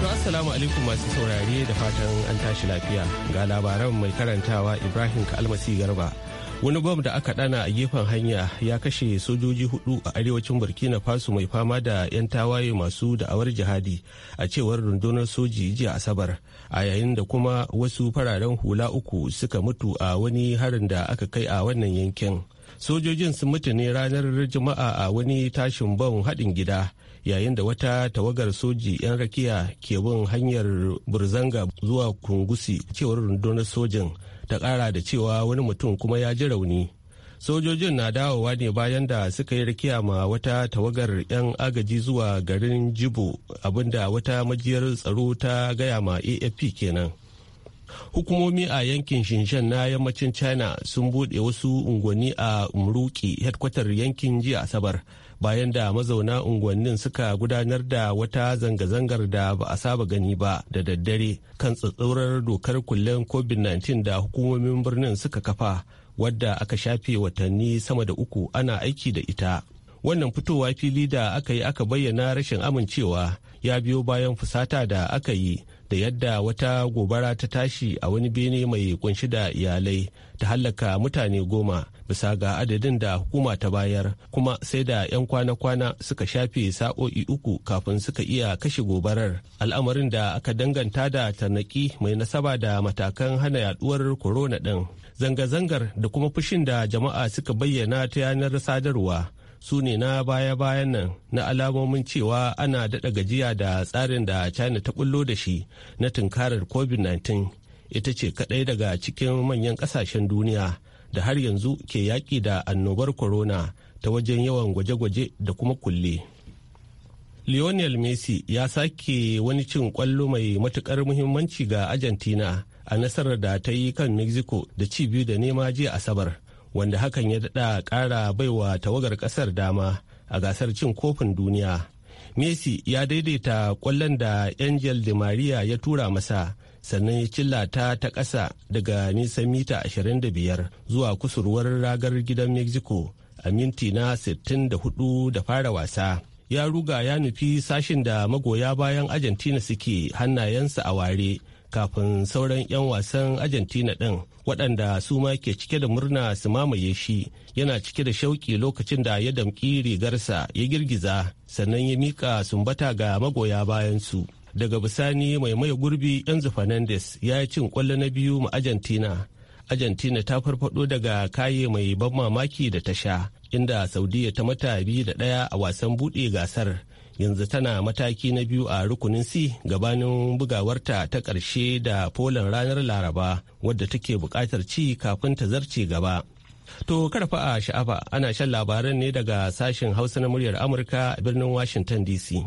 To assalamu alaikum masu saurare da fatan an tashi lafiya ga labaran mai karantawa Ibrahim Kalmasi Garba. Wani bom da aka dana a gefen hanya ya kashe sojoji hudu a arewacin Burkina Faso mai fama da 'yan tawaye masu da'awar jihadi a cewar rundunar soji jiya Asabar a yayin da kuma wasu fararen hula uku suka mutu a wani harin da aka kai a wannan yankin. sojojin sun mutu ne ranar juma'a a wani tashin bom haɗin gida yayin da wata tawagar soji 'yan rakiya ke bin hanyar burzanga zuwa kungusi cewar rundunar sojin ta kara da cewa wani mutum kuma ya ji rauni sojojin na dawowa ne bayan da suka yi rakiya ma wata tawagar 'yan agaji zuwa garin jibo abinda wata majiyar tsaro ta gaya ma afp kenan hukumomi a yankin shinshan na yammacin china sun buɗe wasu unguwanni a umruki headkwatar yankin jiya asabar bayan da mazauna unguwannin suka gudanar da wata zanga-zangar da ba a saba gani ba da daddare kan tsatsaurar dokar kullen covid-19 da hukumomin birnin suka kafa wadda aka shafe watanni sama da uku ana aiki da ita wannan fitowa fili da aka yi aka bayyana rashin amincewa ya biyo bayan fusata da aka yi da yadda wata gobara ta tashi a wani bene mai kunshi da iyalai ta hallaka mutane goma bisa ga adadin da hukuma ta bayar kuma sai da 'yan kwana-kwana suka shafe sa'o'i uku kafin suka iya kashe gobarar al'amarin da aka danganta da tarnaki mai nasaba da matakan hana yaduwar corona din zanga-zangar da kuma fushin da jama'a suka bayyana ta yanar sadarwa su ne na baya-bayan nan na alamomin cewa ana daɗa gajiya da tsarin da china ta ɓullo da shi na tunkarar covid-19 ita ce kaɗai daga cikin manyan ƙasashen duniya da har yanzu ke yaƙi da annobar corona ta wajen yawan gwaje-gwaje da kuma kulle. lionel messi ya sake wani cin kwallo mai matuƙar muhimmanci ga argentina a nasarar da ta yi kan mexico da ci biyu da nema jiya asabar wanda hakan ya daɗa ƙara baiwa tawagar ƙasar dama a gasar cin kofin duniya. Messi ya daidaita ƙwallon da Angel de Maria ya tura masa sannan ya cilla ta ta ƙasa daga nisan mita 25 zuwa kusurwar ragar gidan Mexico a minti na 64 da fara wasa. Ya ruga ya nufi sashin da magoya bayan Argentina suke hannayensa a ware kafin sauran 'yan wasan argentina ɗin waɗanda su ma ke cike da murna su mamaye shi yana cike da shauki lokacin da ya damƙi rigarsa ya girgiza sannan ya miƙa sumbata ga magoya bayansu daga bisani mai maye gurbi yanzu fernandes ya yi cin ƙwallo na biyu ma argentina argentina ta farfado daga kaye mai ban mamaki da ta sha inda saudiya ta mata biyu da ɗaya a wasan buɗe gasar yanzu tana mataki na biyu a rukunin C gabanin bugawarta ta ƙarshe da Poland ranar Laraba wadda take buƙatar ci kafin ta zarce gaba. To karfa a sha'afa ana shan labaran ne daga sashen Hausa na muryar Amurka a birnin Washington DC.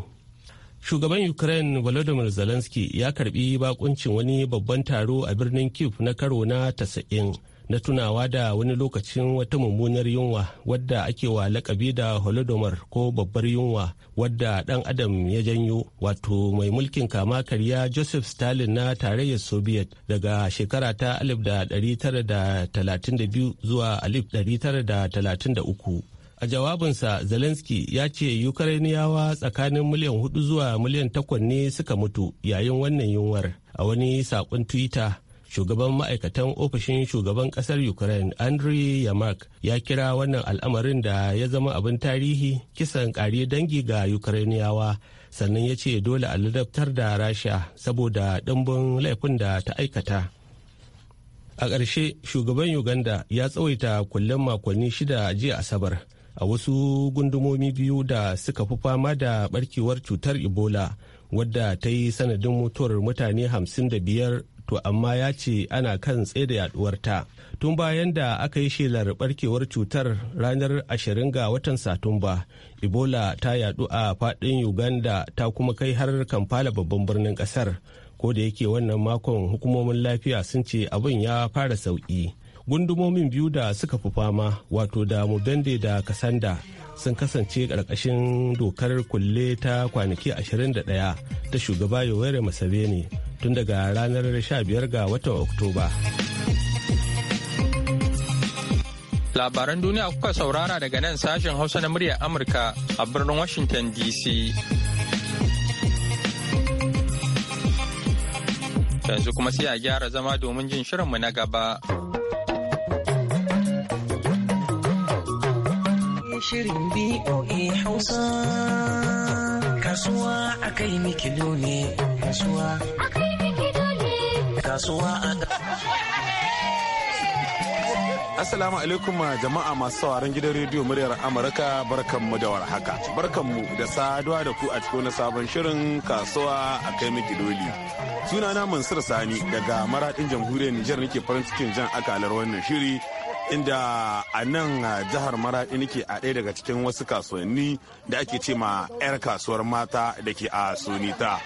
Shugaban Ukraine Volodymyr Zelensky ya karbi bakuncin wani babban taro a birnin Kyiv na karo na tasa'in. na tunawa da wani lokacin wata mummunar yunwa wadda ake wa lakabi da holodomor ko babbar yunwa wadda dan adam ya janyo wato mai mulkin kama karya joseph stalin na tarayyar soviet daga shekara ta 1932 zuwa 1933 a jawabinsa zelensky ya ce ukrainiyawa tsakanin miliyan hudu zuwa miliyan takwas ne suka mutu yayin wannan yunwar a wani sakon twitter shugaban ma'aikatan ofishin shugaban kasar ukraine andriy yamak ya kira wannan al'amarin da ya zama abin tarihi kisan kariye dangi ga ukrainiyawa sannan ya ce dole a ladabtar da rasha saboda ɗimbin laifin da ta aikata a ƙarshe shugaban uganda ya tsawaita kullum makonni shida jiya asabar a wasu gundumomi biyu da suka fi fama da barkewar cutar ebola wadda ta yi sanadin mutuwar mutane 55 to amma ya ce ana kan tsaida ta tun bayan da aka yi shelar barkewar cutar ranar 20 ga watan satumba ebola ta yadu a fadin uganda ta kuma kai har kamfala babban birnin kasar ko da yake wannan makon hukumomin lafiya sun ce abin ya fara sauki gundumomin biyu da suka fi fama wato da mubende da kasanda sun kasance ƙarƙashin dokar kulle ta kwanaki 21 ta shugaba yoweri ne tun daga ranar 15 ga watan oktoba labaran duniya kuka saurara daga nan sashen hausa na muryar amurka a birnin washington dc yanzu kuma sai a gyara zama domin jin shirinmu na gaba. shirin BOA Hausa. Kasuwa a kai ne, kasuwa ne, kasuwa a Assalamu alaikum uh, jama'a masu sauraron gidan rediyo muryar Amurka barkanmu da warhaka. Barkanmu da saduwa da ku a cikin sabon shirin kasuwa a kai doli. sunana mansur sani daga maradin jamhuriyar nijar nake farin cikin jan akalar wannan shiri inda a nan jihar maraɗi nake a ɗaya daga cikin wasu kasuwanni da ake ce ma 'yar kasuwar mata da ke a sunita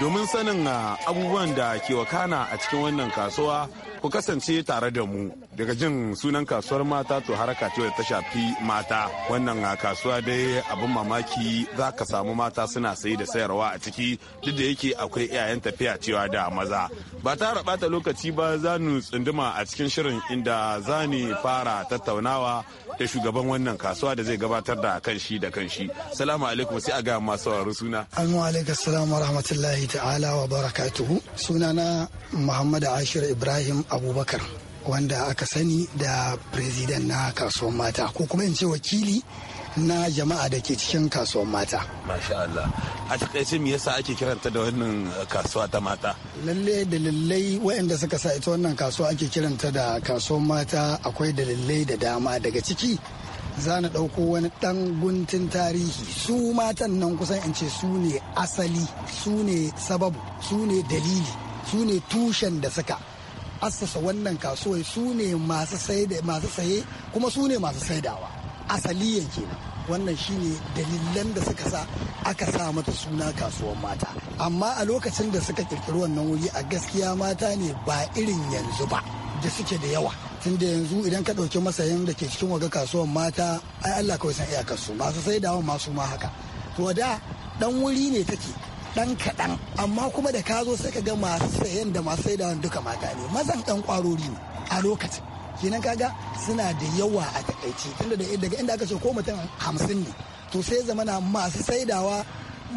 domin sanin abubuwan da ke wakana a cikin wannan kasuwa ku kasance tare da mu daga jin sunan kasuwar mata to haraka ce ta shafi mata wannan ah, kasuwa dai abin mamaki za ka samu mata suna sayi da sayarwa a ciki duk da yake akwai iyayen tafiya cewa da maza ba ta ta lokaci ba za nu tsunduma a cikin shirin inda za ni fara tattaunawa da shugaban wannan kasuwa da zai gabatar da kan shi da kan shi salamu alaikum sai a ga masu sauraro suna almu alaikum salamu rahmatullahi ta'ala wa barakatuhu sunana muhammad ashir ibrahim abubakar wanda aka sani da president na kasuwan mata ko kuma in ce wakili na jama'a da ke cikin kasuwan mata. Masha Allah. A takaice me yasa ake kiranta da wannan kasuwa ta mata? Lalle lallai waɗanda suka sa ita wannan kasuwa ake kiranta da kasuwan mata akwai dalilai da dama daga ciki. Za na ɗauko wani ɗan guntun tarihi su matan nan kusan in ce su ne asali su ne sababu su ne dalili su ne tushen da suka assasa wannan kasuwar su ne masu saye kuma su ne masu saidawa asali kenan wannan shine dalilan da suka sa aka sa mata suna kasuwar mata amma a lokacin da suka kirkiri wannan wuri a gaskiya mata ne ba irin yanzu ba da suke da yawa tun da yanzu idan ka ɗauki masayin da ke cikin waga kasuwar mata ai Allah kawai san iyakar su masu saidawa masu ma haka to da dan wuri ne take dan kaɗan amma kuma da ka zo sai ka ga masu sayan da masu saidawan duka mata ne mazan dan kwarori ne a lokacin kenan kaga suna da yawa a takaici tunda daga inda aka ce ko mutum hamsin ne to sai zamana masu saidawa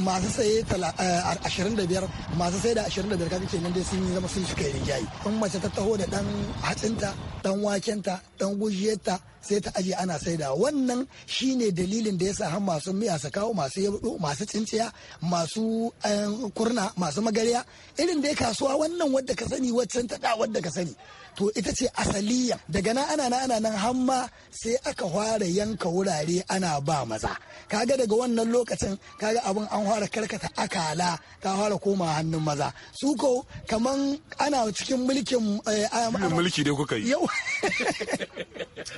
masu saye 25 eh, masu saye da 25 kaga kenan dai sun yi zama sun suka yi rinjaye in mace ta taho da dan hatsinta dan wakenta dan gujiyarta sai ta aje ana saida wannan shine dalilin da yasa har masu miya su kawo masu yabdo masu tsintsiya masu eh, kurna masu magarya irin da ya kasuwa wannan wadda ka sani waccan ta da wadda ka sani to ita ce asaliya daga nan ana nan ana nan hamma sai aka fara yanka wurare ana ba maza kaga daga wannan lokacin kaga abin an fara karkata akala ta fara koma hannun maza su ko kaman ana cikin mulkin eh, mulki dai kuka yi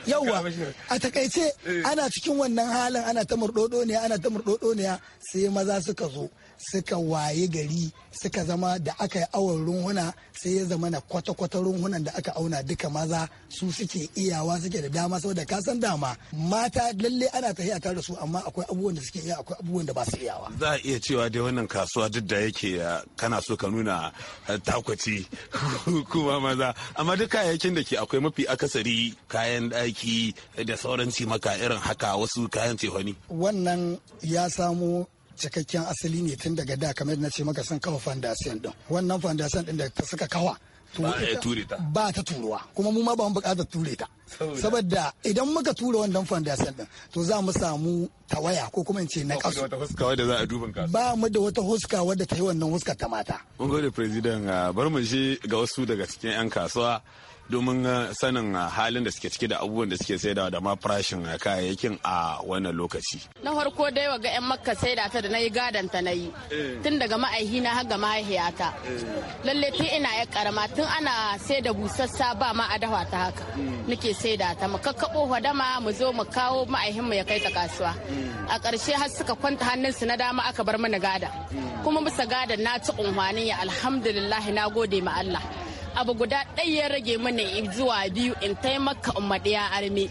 yauwa a takaice eh. ana cikin wannan halin ana ta murdodo ne ana ta murdodo ne sai maza suka zo suka waye gari suka zama da aka yi awon runhuna sai ya zama na kwata-kwata runhunan da aka auna duka maza su suke iyawa suke da dama saboda ka san dama mata lalle ana tafiya tare da su amma akwai abubuwan da suke iya akwai abubuwan da ba su iyawa za a iya cewa dai wannan kasuwa duk da yake eh, kana so ka nuna eh, takwaci kuma maza amma duk kayayyakin da ke akwai mafi akasari kayan ɗaki da sauran maka irin haka wasu kayan cehoni wannan ya samo cikakken asali ne tun daga da kamar na ce maka sun kafa fandasiyan din wannan fandasiyan din da ta suka kawa ba ta turuwa kuma mu ma ba mu bukatar ture ta saboda idan muka tura wannan fandasiyan din to za mu samu tawaya ko kuma in ce na kasu ba mu da wata huska wadda ta yi wannan huskar ta mata mun gode president ah, bar mu shi ga wasu daga cikin yan kasuwa domin eh, sanin eh, halin da suke ciki da abubuwan da suke sai da ma farashin eh, kayayyakin a wannan lokaci. Na farko dai wa ga 'yan makka saida ta da na yi gadon ta na yi tun daga ma'aihi na haga ga mahaihiyata. Lalle tun ina ya karama tun ana sai da busassa ba ma a dawa ta haka. Hmm. Nake saida ta mu kakkabo hadama mu zo mu kawo ma'aihin mu ya kai ta kasuwa. Hmm. A ƙarshe har suka kwanta hannun su na dama aka bar mana gada. Hmm. Kuma musa gadan na ci unhwani ya alhamdulillah na gode ma Allah. abu guda ɗaya ya rage mana zuwa biyu in taimaka umma ɗaya armi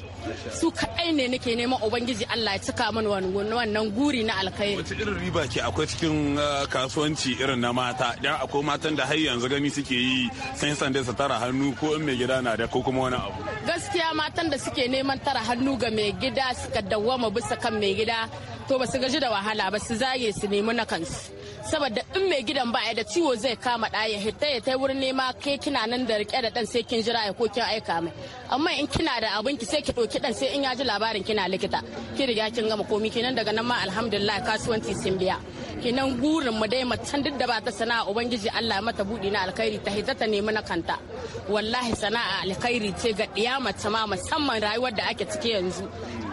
su kaɗai ne nake neman ubangiji Allah ya cika mana wannan guri na alkhairi wace irin riba ke akwai cikin ah, kasuwanci irin na mata dan akwai matan da har yanzu gani suke yi sai sanda su tara hannu ko in mai gida na da ko kuma wani abu gaskiya matan da suke neman tara hannu ga mai gida suka dawwama bisa kan mai gida to ba su gaji da wahala ba su zage su nemi na kansu saboda in mai gidan ba da ciwo zai kama ɗa ya hita ya tai wurin nema kai kina nan da rike da dan sai kin jira ya ko kin aika mai amma in kina da abin ki sai ki ɗauki dan sai in ya ji labarin kina likita ki riga kin gama komi kenan daga nan ma alhamdulillah kasuwanci sun biya kenan gurin mu dai macen duk da ba ta sana'a ubangiji Allah mata buɗe na alkhairi ta hita ta nemi na kanta wallahi sana'a alkhairi ce ga ɗiya mace ma musamman rayuwar da ake ciki yanzu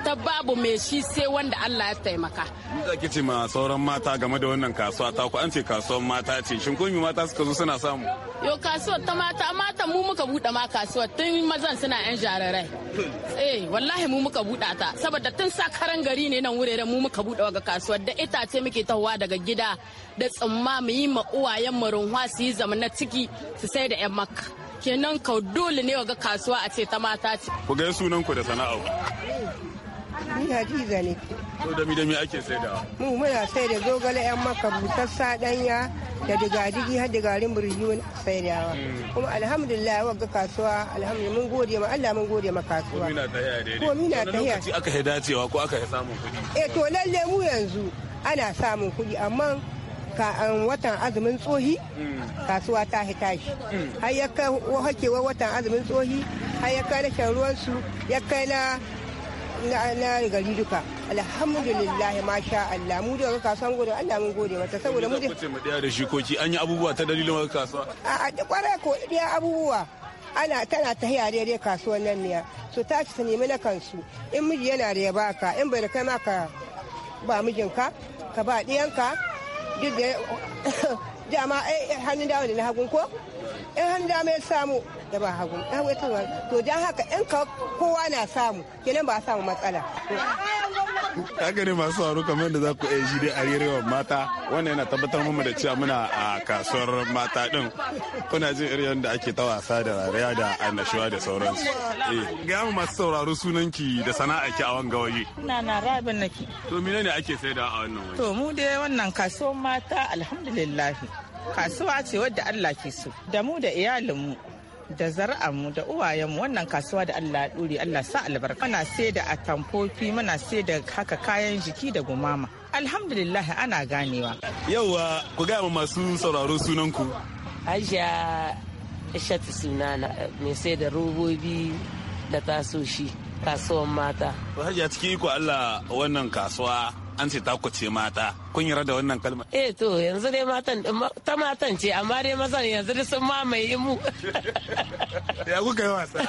ta babu mai shi sai wanda Allah ya taimaka. Ni za ki ce ma sauran mata game da wannan kasuwa ta ku an ce kasuwar mata ce shin kun mata suka zo suna samu. Yo kasuwar ta mata mata mu muka buɗe ma kasuwar tun mazan suna yan jararai. Eh wallahi mu muka buɗe ta saboda tun karan gari ne nan wuraren mu muka buɗe wa kasuwar da itace muke tahowa daga gida da tsumma mu yi ma uwayen mu runwa su yi zama na ciki su sai da yan makka. kenan ka dole ne wa ga kasuwa a ce ta mata ce. Ku ga sunan ku da sana'a. Ni Hadiza ne. To da mi da mi ake saidawa? Mu muna sai da zogale yan maka butar sadanya da digadigi har digarin burji wani saidawa. Mm. Kuma alhamdulillah ga kasuwa alhamdulillah mun gode ma Allah mun gode ma kasuwa. Ko na tahiya yaya daidai. Ko mina ta Lokaci aka dacewa ko aka samun kuɗi. Eh to lalle mu yanzu ana samun kuɗi amma ka an um, watan azumin tsohi mm. kasuwa ta shi. Mm. har ya kai hakewar watan azumin tsohi har ya kai na shan su ya kai na na gari duka alhamdulillah masha Allah mu da kasuwan gode Allah mun gode mata saboda mu da mu da shikoki an yi abubuwa ta dalilin kasuwa a a kware ko da abubuwa ana tana ta hiya daidai kasuwan nan ne so ta ci nemi na kansu in miji yana da ya baka in bai da kai maka ba mijinka ka ba diyanka duk da dama eh, eh, hannun dawo da na hagun ko in han dama ya samu da ba hagu ya hau ita to dan haka in ka kowa na samu kenan ba samu matsala haka gani masu sauraro kamar da za ku iya shi dai a yarewa mata wannan yana tabbatar mu da cewa muna a kasuwar mata din kuna jin irin da ake ta wasa da rariya da annashuwa da sauransu eh, ga mu masu sauraro sunanki da sana'a ki a wanga waje na na rabin naki to menene ake saida a wannan waje to mu dai wannan kasuwar mata alhamdulillah kasuwa ce wadda Allah ke so da mu da iyalinmu da mu da uwayenmu wannan kasuwa da Allah ya dure Allah sa albarka muna sai da atamfofi muna sai da haka kayan jiki da gumama alhamdulillah ana ganewa yauwa ku gaya ma masu sauraro sunanku aisha ishatu sunana mai sai da robobi da tasoshi kasuwan mata hajiya ciki ku Allah wannan kasuwa an ce kuce mata kun yarda da wannan kalma eh to yanzu dai matan ta matan ce amma dai mazan yanzu sun mamaye mu ya kuka yi wasa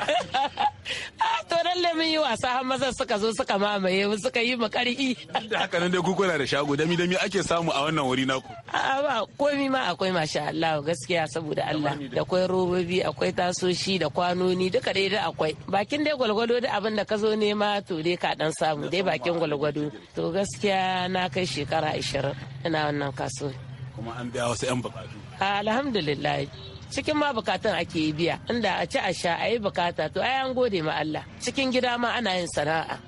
ah, to lalle mun yi wasa har mazan suka zo suka mamaye mu suka yi mu karhi da haka nan dai ku kuna da shago dami dami ake samu a wannan wuri naku a ah, ba komi ma akwai masha Allah gaskiya saboda Allah da akwai robobi akwai tasoshi da kwanoni duka dai da akwai bakin dai gwalgwado da abin da ka zo nema to dai ka dan samu dai bakin gwalgwado to gaskiya na kai shekara 20 ina wannan kasuwa. kuma an biya wasu 'yan bukatu ah, alhamdulillah cikin ma bukatun ake biya inda a ci a sha a yi bukata to ai an gode ma Allah cikin gida ma ana yin sana'a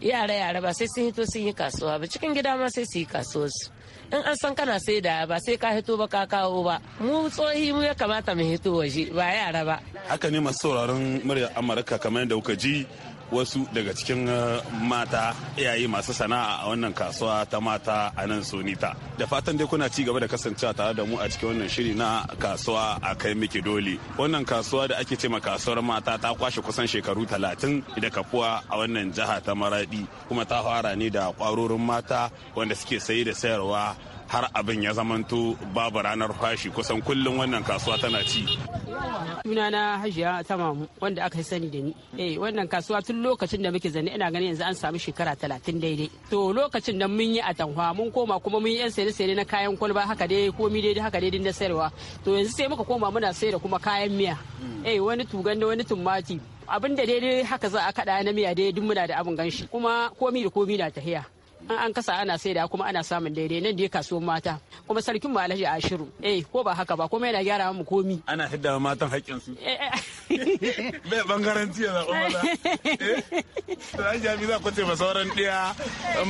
yara yara ba sai sun hito sun yi kasuwa ba cikin gida ma sai su yi kasuwarsu in an san kana sai da ba sai ka hito ba ka kawo ba mu tsohi mu ya kamata mu hito waje ba yara ba haka ne masu sauraron murya amurka kamar yadda kuka ji wasu daga cikin eh, mata yayi masu sana'a a wannan kasuwa ta mata a nan sunita da fatan dai kuna ci gaba da kasancewa tare da mu a cikin wannan shiri na kasuwa a kai miki doli wannan kasuwa da ake ce ma kasuwar mata ta kwashe kusan shekaru talatin da kafuwa a wannan jiha ta maradi kuma ta fara ne da kwarorin mata wanda suke sayi da sayarwa har abin ya zamanto babu ranar fashi kusan kullum wannan kasuwa tana ci. Sunana Hajiya Tamamu wanda aka sani da ni. Eh wannan kasuwa tun lokacin da muke zanne ina ganin yanzu an samu shekara talatin daidai. To lokacin da mun yi atanhwa mun koma kuma mun yi yan saye saye na kayan kwalba haka dai komi daidai haka daidai na sayarwa. To yanzu sai muka koma muna sayar da kuma kayan miya. Hmm. Eh wani tugan da wani tumati abin da daidai haka za a kaɗa na miya dai duk muna da abin ganshi kuma komi da komi na tahiya. an kasa ana saida kuma ana samun daidai nan da ya kasuwar mata kuma sarkin mu alhaji ashiru eh ko ba haka ba kuma yana gyara mu komi ana hidda matan haƙƙin su eh, eh. bai bangaren tiya kuma maza eh? to an jami za ku ce ba sauran ɗiya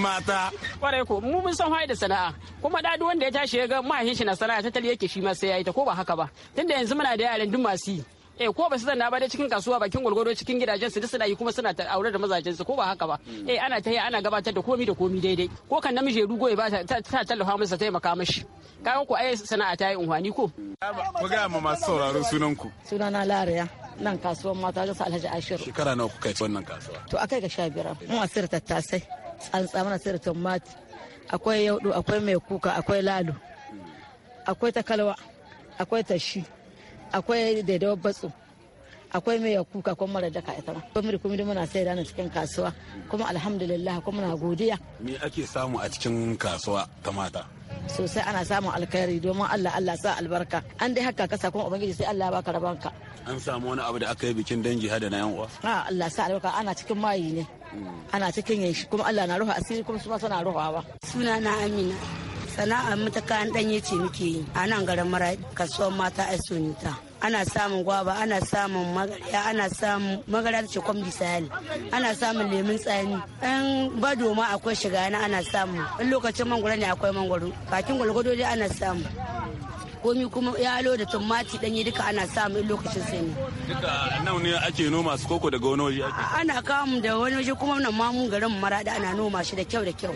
mata kwarai ko mu mun san da sana'a kuma da wanda ya tashi ya ga mahaifin shi na sana'a tattali yake shi ma sai ya yi ta ko ba haka ba tunda yanzu muna da yaran duk masu yi eh ko ba su zanna ba dai cikin kasuwa bakin gwalgwado cikin gidajen su suna yi kuma suna aure da mazajen su ko ba haka ba hmm. eh ana ta ana gabatar da komi da komi daidai ko kan namiji ya rugo ya ba ta tallafa masa taimaka mashi kayan ku ai sana'a ta yi unhwani ko ku ga ma masu sauraro sunan ku sunana lariya nan kasuwar mata ga Alhaji Ashiru shekara nawa kuka yi wannan kasuwa to akai ga 15 mu asir tattasai tsantsa mana sir tomati akwai yaudu akwai mai kuka akwai lalo akwai takalwa akwai tashi akwai da batsu akwai mai kuka kuma mara daka ita ma kuma da kuma muna sai rana cikin kasuwa kuma alhamdulillah kuma na godiya me ake samu a cikin kasuwa ta mata sosai ana samun alkhairi domin Allah Allah sa albarka an dai haka kasa kuma ubangiji sai Allah baka rabanka an samu wani abu da aka yi bikin dangi hada na yan uwa ha Allah sa albarka ana cikin mayi ne mm. ana cikin yanshi kuma Allah na ruha asiri kuma su ma suna ruhawa suna na Amina sana'a mu ta kayan ce muke yi a nan garin mara kasuwar mata ta ana samun gwaba ana samun magarya ana samun magarya da cikon bisayali ana samun lemun tsani ɗan bado ma akwai shiga ana samu in lokacin mangwaro ne akwai mangwaro bakin gwalgwado dai ana samu komi kuma yalo da tumati danyi duka ana samu in lokacin sanyi duka nan ne ake noma su koko daga wani waje ake ana kamu da wani waje kuma nan ma mun garin marada ana noma shi da kyau da kyau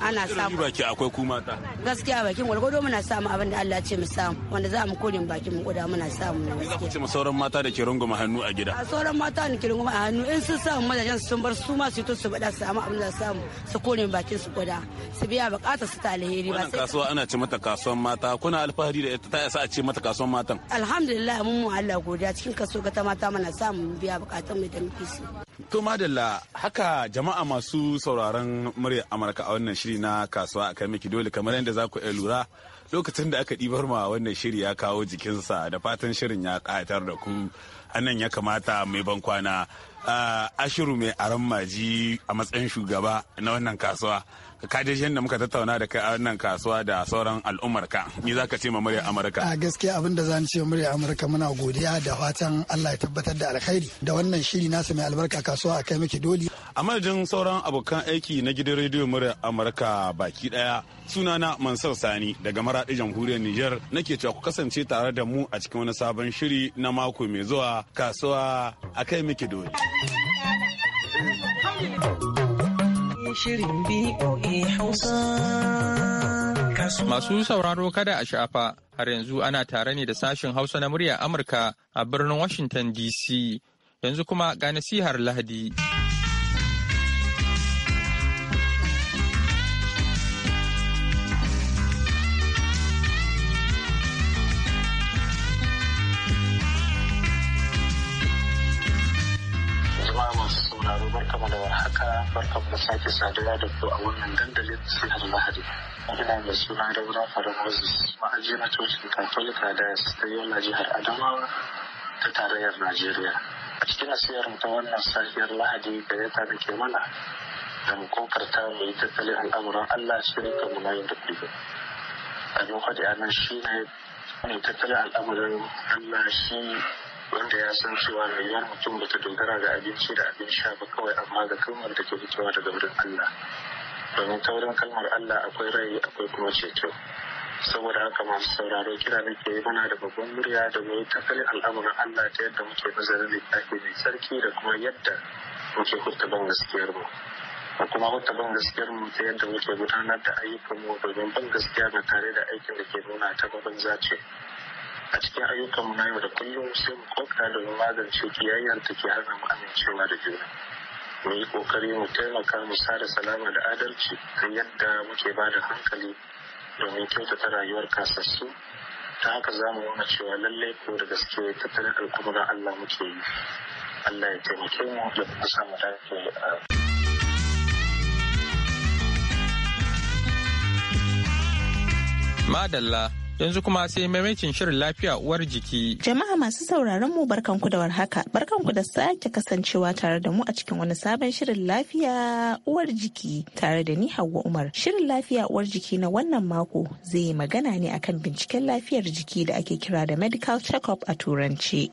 ana samu baki akwai ku mata gaskiya bakin gwargwado muna samu abin da Allah ya ce mu samu wanda za mu kore bakin mu koda muna samu ne za ku ce ma sauran mata da ke runguma hannu a gida sauran mata da ke runguma a hannu in sun samu mazajen sun bar su ma su to su bada su samu abin da samu su kore bakin su koda su biya bukatar su ta alheri ba sai kasuwa ana ce mata kasuwan mata kuna alfahari da ta yasa a ce mata kasuwan matan alhamdulillah mun mu Allah godiya cikin kaso ga ta mata mana samu biya bukatun mu da muke so to madalla haka jama'a masu sauraron murya Amurka a wannan shiri na kasuwa kai miki dole kamar yadda za ku iya lura lokacin da aka ɗibar ma wannan shiri ya kawo jikinsa da fatan shirin ya ƙayatar da ku anan ya kamata mai ban kwana ah, ashiru mai aran maji a matsayin shugaba na wannan kasuwa ka da da muka tattauna da kai a wannan kasuwa da sauran al'ummar ni za ka ce ma murya amurka a gaskiya abin da zan ce murya amurka muna godiya da fatan allah ya tabbatar da alkhairi da wannan shiri nasu mai albarka kasuwa a kai miki doli a madadin sauran abokan aiki na gidan rediyo murya amurka baki daya sunana mansar sani daga maraɗi jamhuriyar niger nake cewa ku kasance tare da mu a cikin wani sabon shiri na mako mai zuwa kasuwa a kai miki doli shirin BOA Hausa. Masu sauraro kada a shafa har yanzu ana tare ne da sashen Hausa na murya Amurka a birnin Washington DC. Yanzu kuma ga nasihar Lahadi. barkamu da warhaka barka da sake saduwa da ku a wannan dandalin sihar lahadi ina mai suna daura fara moses ma'aji na cocin katolika da ta yola jihar adamawa ta tarayyar najeriya a cikin asiyar ta wannan safiyar lahadi da ya da ke mana da mu kokarta mu yi tattalin al'amuran allah shirin kamu na yin da kullum abin kwaɗi shi ne tattalin al'amuran allah shi wanda ya san cewa rayuwar mutum ba ta dogara ga abinci da abin sha ba kawai amma ga kalmar da ke fitowa daga wurin Allah domin ta wurin kalmar Allah akwai rai akwai kuma ceto saboda haka masu sauraro kira da ke muna da babban murya da mu takali al'amuran Allah ta yadda muke nazarin littafi mai sarki da kuma yadda muke ban gaskiyar mu da kuma ban gaskiyar mu ta yadda muke gudanar da ayyukan mu domin ban gaskiya ba tare da aikin da ke nuna ta babban zace. a cikin ayyukanmu na yau da kullum sai mu da mu magance kiyayyar ta ke hana mu amincewa da juna mu yi kokari mu taimaka mu sa da salama da adalci ta yadda muke ba da hankali domin kyautata rayuwar kasassu ta haka za mu nuna cewa lallai ko da gaske tattalin alkumuran Allah muke yi Allah ya taimake mu da kuma samu dace a Madalla yanzu kuma sai maimacin shirin lafiya uwar jiki. Jama'a masu sauraron mu barkan ku da warhaka, ku da sake kasancewa tare da mu a cikin wani sabon shirin lafiya uwar jiki tare da ni Hauwa Umar. Shirin lafiya uwar jiki na wannan mako zai yi magana ne akan binciken lafiyar jiki da ake kira da medical check-up a turanci.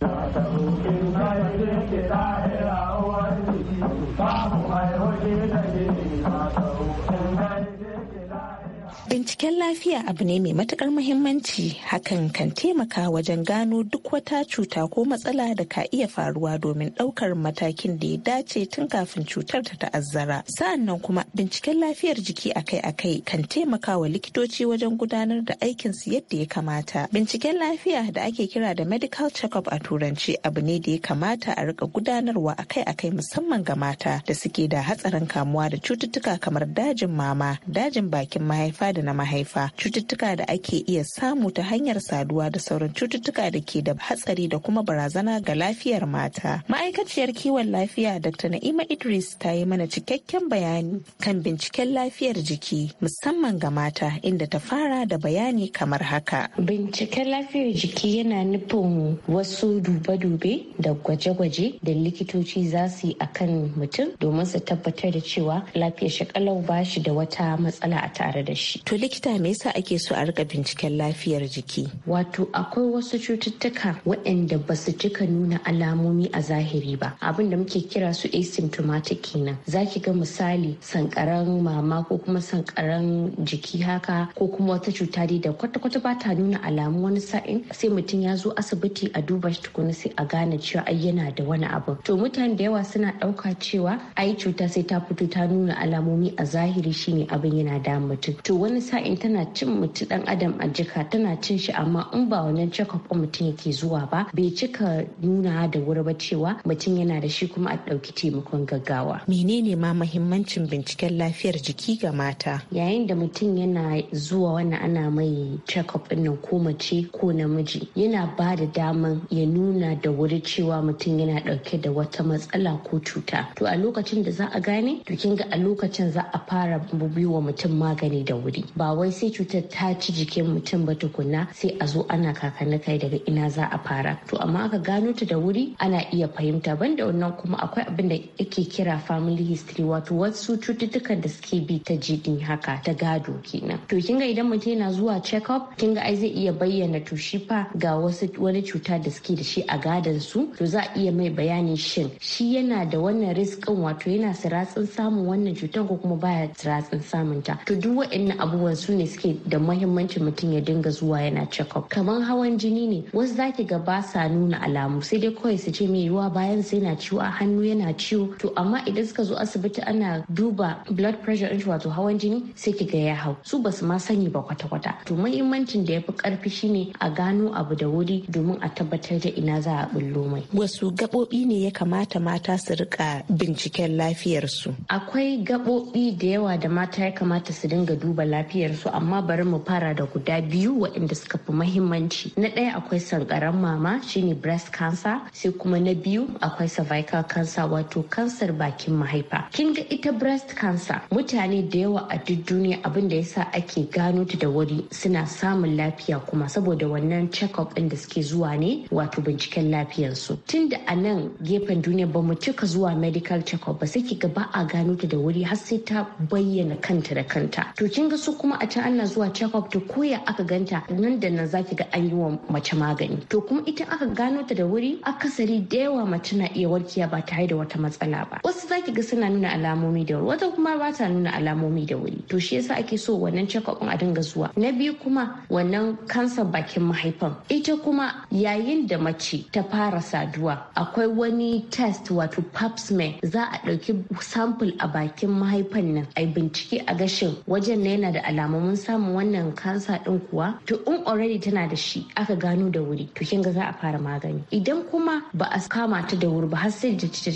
Binciken lafiya abu ne mai matukar muhimmanci hakan kan taimaka wajen gano duk wata cuta ko matsala da ka iya faruwa domin ɗaukar matakin da ya dace tun kafin cutar ta ta'azzara. Sa'annan kuma binciken lafiyar jiki akai-akai kan taimaka wa likitoci wajen gudanar da aikinsu yadda ya kamata. Binciken lafiya da ake kira da medical check-up a turanci abu ne da ya kamata a rika gudanarwa akai-akai musamman ga mata da suke da hatsarin kamuwa da cututtuka kamar dajin mama, dajin bakin mahaifa da na mahaifa cututtuka da ake iya samu ta hanyar saduwa da sauran cututtuka da ke da hatsari da kuma barazana ga lafiyar mata ma'aikaciyar kiwon lafiya dr na'ima idris ta yi mana cikakken bayani kan binciken lafiyar jiki musamman ga mata inda ta fara da bayani kamar haka binciken lafiyar jiki yana nufin wasu dube-dube da gwaje-gwaje da likitoci za su yi kan mutum domin su tabbatar da cewa lafiyar shakalau ba shi da wata matsala a tare da shi wato likita me yasa ake so a rika binciken lafiyar jiki? Wato akwai wasu cututtuka waɗanda ba su cika nuna alamomi a zahiri ba. Abin da muke kira su asymptomatic kenan. Za ki ga misali sankaran mama ko kuma sankaran jiki haka ko kuma wata cuta dai da kwata-kwata ba ta nuna alamu wani sa'in sai mutum ya zo asibiti a duba shi tukuna sai a gane cewa ai yana da wani abu. To mutane da yawa suna ɗauka cewa ai cuta sai ta fito ta nuna alamomi a zahiri shine abin yana da mutum. To wani sa'in tana cin mutu dan adam a jika tana cin shi amma in ba wannan check up mutum yake zuwa ba bai cika nuna da wuri ba cewa mutum yana da shi kuma a ɗauki taimakon gaggawa. Menene ma mahimmancin binciken lafiyar jiki ga mata? Yayin da mutum yana zuwa wannan ana mai check up nan ko mace ko namiji yana ba da daman ya nuna da wuri cewa mutum yana ɗauke da wata matsala ko cuta. To a lokacin da za a gane to kin ga a lokacin za a fara wa mutum magani da wuri. ba wai sai cutar ta ci jikin mutum ba tukunna sai a zo ana kakanni kai daga ina za a fara to amma aka gano ta da wuri ana iya fahimta banda wannan kuma akwai abin da ake kira family history wato wasu cututtukan da suke bi ta jini haka ta gado kenan to kin ga idan mutum yana zuwa check up kin ga ai zai iya bayyana to shi fa ga wasu wani cuta da suke da shi a gadon su to za a iya mai bayani shin shi yana da wannan riskin wato yana siratsin samun wannan cutar ko kuma baya siratsin samun ta to duk waɗannan abubuwa abubuwan su ne suke da mahimmanci mutum ya dinga zuwa yana check-up kamar hawan jini ne wasu za ki ga ba sa nuna alamu sai dai kawai su ce mai yiwuwa bayan sai na ciwo a hannu yana ciwo to amma idan suka zo asibiti ana duba blood pressure in wato hawan jini sai ki ga ya hau su ba su ma sani ba kwata-kwata to mahimmancin da ya fi karfi shine a gano abu da wuri domin a tabbatar da ina za a bullo mai wasu gaɓoɓi ne ya kamata mata su rika binciken lafiyar su. akwai gaɓoɓi da yawa da mata ya kamata su dinga duba lafiya lafiyarsu amma bari mu fara da guda biyu waɗanda suka fi mahimmanci na ɗaya akwai sankaran mama shine breast cancer sai kuma na biyu akwai cervical cancer wato kansar bakin mahaifa kin ga ita breast cancer mutane da yawa a duk duniya abin da yasa ake gano ta da wuri suna samun lafiya kuma saboda wannan check up ɗin da suke zuwa ne wato binciken lafiyarsu tun da a nan gefen duniya ba mu cika zuwa medical check up ba sai ki ga ba a gano ta da wuri har sai ta bayyana kanta da kanta to kin ga su kuma a can ana zuwa check up to koya aka ganta nan da nan zaki ga an yi wa mace magani to kuma ita aka gano ta da wuri akasari da yawa mace na iya warkiya ba tare da wata matsala ba wasu zaki ga suna nuna alamomi da wuri wata kuma ba ta nuna alamomi da wuri to shi yasa ake so wannan check up a dinga zuwa na biyu kuma wannan kansar bakin mahaifan ita kuma yayin da mace ta fara saduwa akwai wani test wato pap smear za a ɗauki sample a bakin mahaifan nan a bincike a gashin wajen na yana da alamu mun samu wannan kansa din kuwa to in already tana da shi aka gano da wuri to kin ga za a fara magani idan kuma ba a kama ta da wuri ba har sai da ta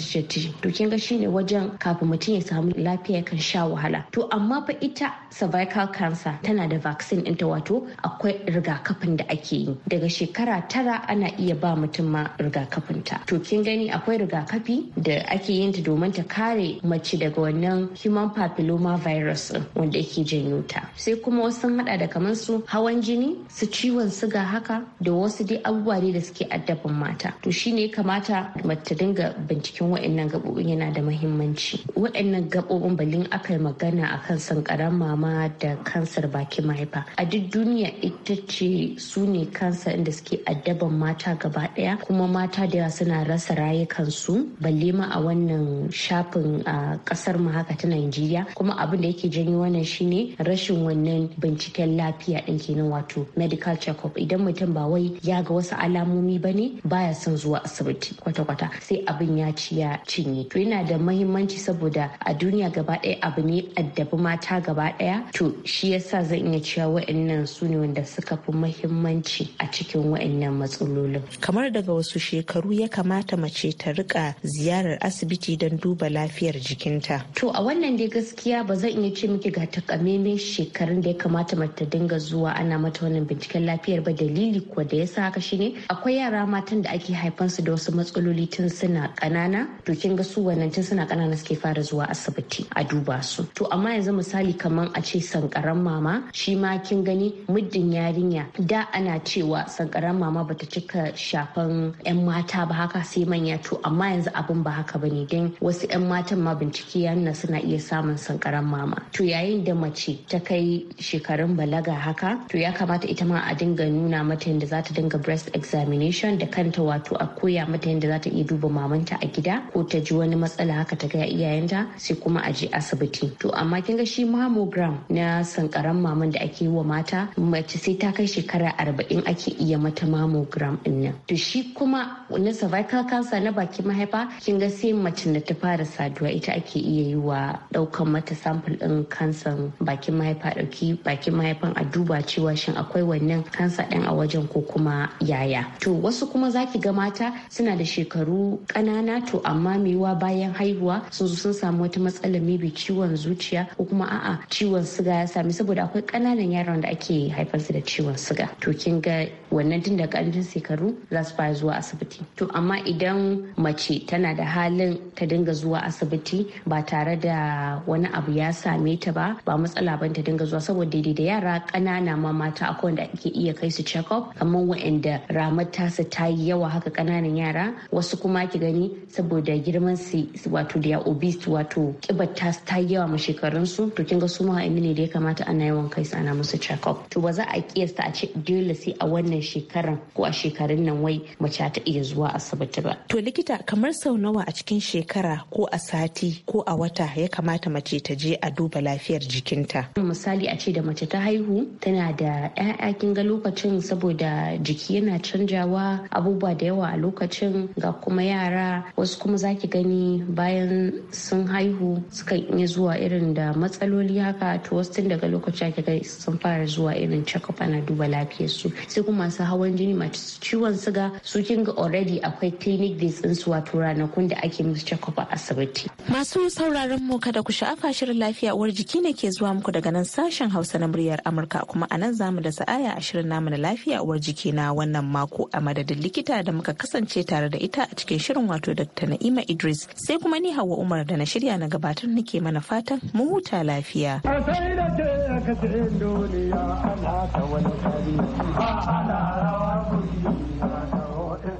to kin ga shine wajen kafin mutum ya samu lafiya kan sha wahala to amma fa ita cervical cancer tana da vaccine ɗinta wato akwai rigakafin da ake yi daga shekara tara ana iya ba mutum ma rigakafin ta to kin gani akwai rigakafi da ake yin ta domin ta kare mace daga wannan human papilloma virus wanda yake janyo ta mata sai kuma wasu sun hada da kamar su hawan jini su ciwon suga haka da wasu dai abubuwa ne da suke addabin mata to shine ya kamata mace dinga binciken wa'annan gabobin yana da muhimmanci wa'annan gabobin balin aka yi magana akan sankaran mama da kansar bakin mahaifa a duk duniya ita ce su ne kansa inda suke addaban mata gaba daya kuma mata da yawa suna rasa rayukansu balle ma a wannan shafin a kasar mu haka ta Najeriya kuma abin da yake janyo wannan shine rashin rashin wannan binciken lafiya din kenan wato medical check-up idan mutum ba wai ya ga wasu alamomi ba ne baya son zuwa asibiti kwata-kwata sai abin ya ci ya cinye to yana da mahimmanci saboda a duniya gaba ɗaya abu ne addabi mata gaba ɗaya to shi yasa zan iya cewa wa'annan su ne wanda suka fi mahimmanci a cikin wa'annan matsalolin kamar daga wasu shekaru ya kamata mace ta rika ziyarar asibiti don duba lafiyar jikinta to a wannan dai gaskiya ba zan iya ce miki ga takamaiman shekarun da ya kamata mata dinga zuwa ana mata wannan binciken lafiyar ba dalili ko da yasa haka shine akwai yara matan da ake haifansu da wasu matsaloli tun suna kanana to kin ga su wannan tun suna kanana suke fara zuwa asibiti a duba su to amma yanzu misali kamar a ce sankaran mama shi ma kin gani muddin yarinya da ana cewa sankaran mama bata cika shafan yan mata ba haka sai manya to amma yanzu abin ba haka bane don wasu yan matan ma bincike ya nuna suna iya samun sankaran mama to yayin da mace ta kai shekarun balaga haka to ya kamata ita ma a dinga nuna mata yadda za ta dinga breast examination da kanta wato a koya mata yadda za ta iya duba mamanta a gida ko ta ji wani matsala haka ta ga iyayenta sai kuma a je asibiti to amma kin ga shi mammogram na sankaran maman da ake yi wa mata mace sai ta kai shekara arba'in ake iya mata mammogram din nan to shi kuma na cervical cancer na bakin mahaifa kin ga sai mace da ta fara saduwa ita ake iya yi wa daukan mata sample din kansan bakin mahaifa mahaifa ɗauki bakin mahaifan a duba cewa shin akwai wannan kansa ɗin a wajen ko kuma yaya to wasu kuma zaki ga mata suna da shekaru ƙanana to amma mewa bayan haihuwa sun zo sun samu wata matsalar mibi ciwon zuciya ko kuma a'a ciwon suga ya sami saboda akwai ƙananan yaran da ake su da ciwon suga to kin ga wannan tun da ƙarancin shekaru za su fara zuwa asibiti to amma idan mace tana da halin ta dinga zuwa asibiti ba tare da wani abu ya same ta ba ba matsala ba ta dinga zuwa saboda daidai da yara ƙanana ma mata a wanda ake iya kai su check up kamar wa'anda ramar tasa ta yi yawa haka ƙananan yara wasu kuma ki gani saboda girman su wato da ya obese wato kibar tasa ta yi yawa ma shekarun su to kin ga su ma ne da ya kamata ana yawan kai su ana musu check up to ba za a kiyasta a ce dole sai a wannan shekaran ko a shekarun nan wai mace ta iya zuwa asibiti ba to likita kamar sau nawa a cikin shekara ko a sati ko a wata ya kamata mace ta je a duba lafiyar jikinta misali a ce da mace ta haihu tana da 'ya'ya kin ga lokacin saboda jiki yana canjawa abubuwa da yawa a lokacin ga kuma yara wasu kuma zaki gani bayan sun haihu suka iya zuwa irin da matsaloli haka to wasu tun daga lokaci ake ga sun fara zuwa irin check-up ana duba lafiyar su sai kuma masu hawan jini masu ciwon suga su kin ga already akwai clinic days din su wato ranakun da ake musu check-up a asibiti masu sauraron mu kada ku sha'afa shirin lafiya uwar jiki ne ke zuwa muku daga nan sashen Hausa na muryar Amurka kuma a nan zamu da sa'aya a shirin namu na lafiya uwar jiki na wannan mako a madadin likita da muka kasance tare da ita a cikin shirin wato Dr. Na'ima Idris sai kuma ni Hauwa Umar da na shirya na gabatar nake mana fatan mu huta lafiya.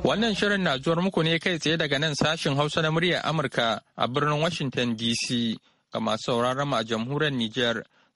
Wannan shirin na zuwar muku ne kai tsaye daga nan sashin Hausa na muryar Amurka a birnin Washington DC ga masu sauraron a jamhuriyar Nijar.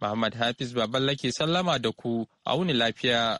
Muhammad Hafiz baballe ke sallama da ku auni lafiya.